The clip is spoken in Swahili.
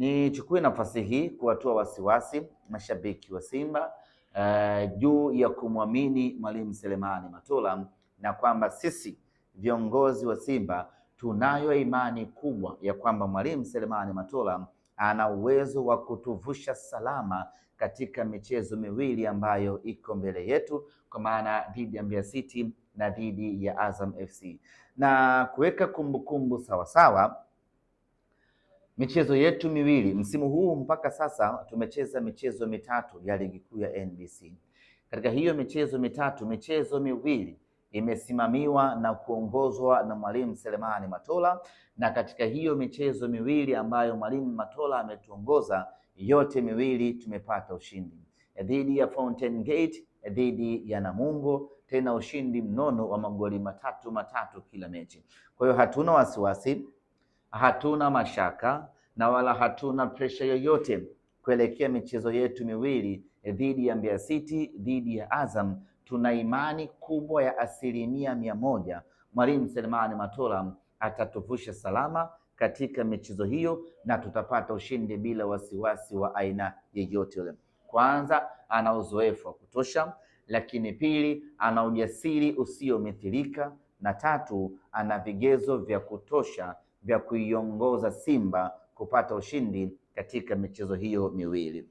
Nichukue nafasi hii kuwatoa wasiwasi mashabiki wa Simba uh, juu ya kumwamini Mwalimu Selemani Matola na kwamba sisi viongozi wa Simba tunayo imani kubwa ya kwamba Mwalimu Selemani Matola ana uwezo wa kutuvusha salama katika michezo miwili ambayo iko mbele yetu, kwa maana dhidi ya Mbeya City na dhidi ya Azam FC na kuweka kumbukumbu sawasawa michezo yetu miwili msimu huu mpaka sasa tumecheza michezo mitatu ya ligi kuu ya NBC. Katika hiyo michezo mitatu, michezo miwili imesimamiwa na kuongozwa na Mwalimu Selemani Matola, na katika hiyo michezo miwili ambayo Mwalimu Matola ametuongoza, yote miwili tumepata ushindi dhidi ya Fountain Gate, dhidi ya Namungo, tena ushindi mnono wa magoli matatu matatu kila mechi. Kwa hiyo hatuna wasiwasi hatuna mashaka na wala hatuna presha yoyote kuelekea michezo yetu miwili eh, dhidi ya Mbeya City, dhidi ya Azam. Tuna imani kubwa ya asilimia mia moja Mwalimu Selemani Matola atatuvusha salama katika michezo hiyo na tutapata ushindi bila wasiwasi wa aina yeyote ule Kwanza, ana uzoefu wa kutosha, lakini pili, ana ujasiri usiomithilika, na tatu, ana vigezo vya kutosha vya kuiongoza Simba kupata ushindi katika michezo hiyo miwili.